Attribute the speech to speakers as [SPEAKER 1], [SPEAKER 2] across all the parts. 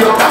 [SPEAKER 1] Yo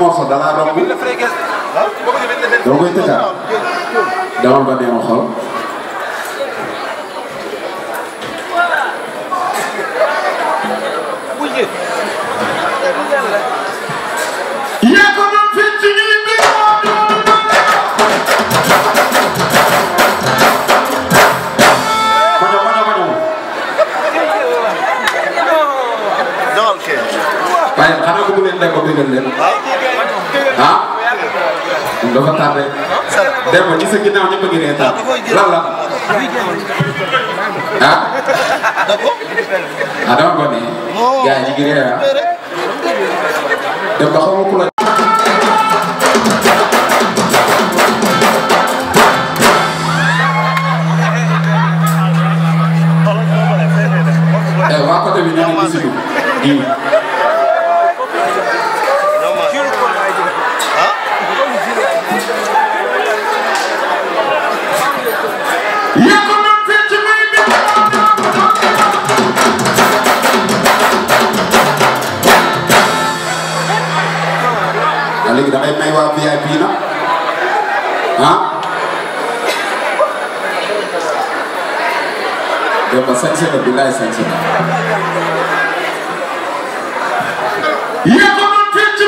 [SPEAKER 1] morceau da laa romb dama koy tëjaat demal ba dee ma xool. waaye xanaa ko bu leen nekk ko bëggal leen. dafa tardé. dem ci sa ginnaaw ñëpp a ngi reetaan lan la. ah. ah dama ko nii. gars yi ñu ngi reetaan. dem ba xaw ma ku la bi dafay may waa VIP na ah. Demba sañse na billaay sañse na. yéen a ngi fecc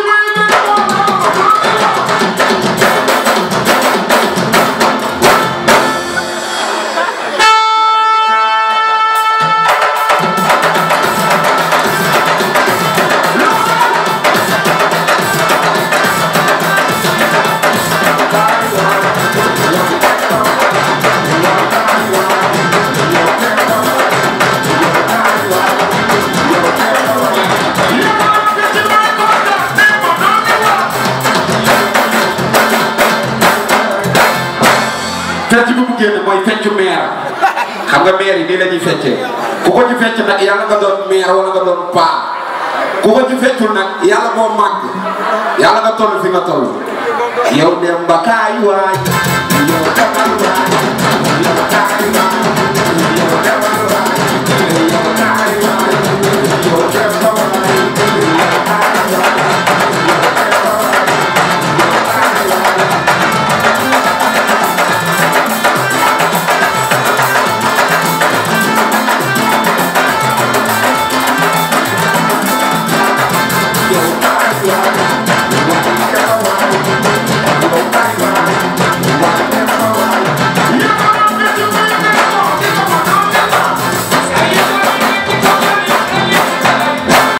[SPEAKER 1] xam nga maire yi nii la ñuy feccee ku ko ci fecc nag yàlla nga doon maire wala nga doon paa ku ko ci feccul nag yàlla boo màgg yàlla nga toll fi nga toll yow dem ba kaay waay yow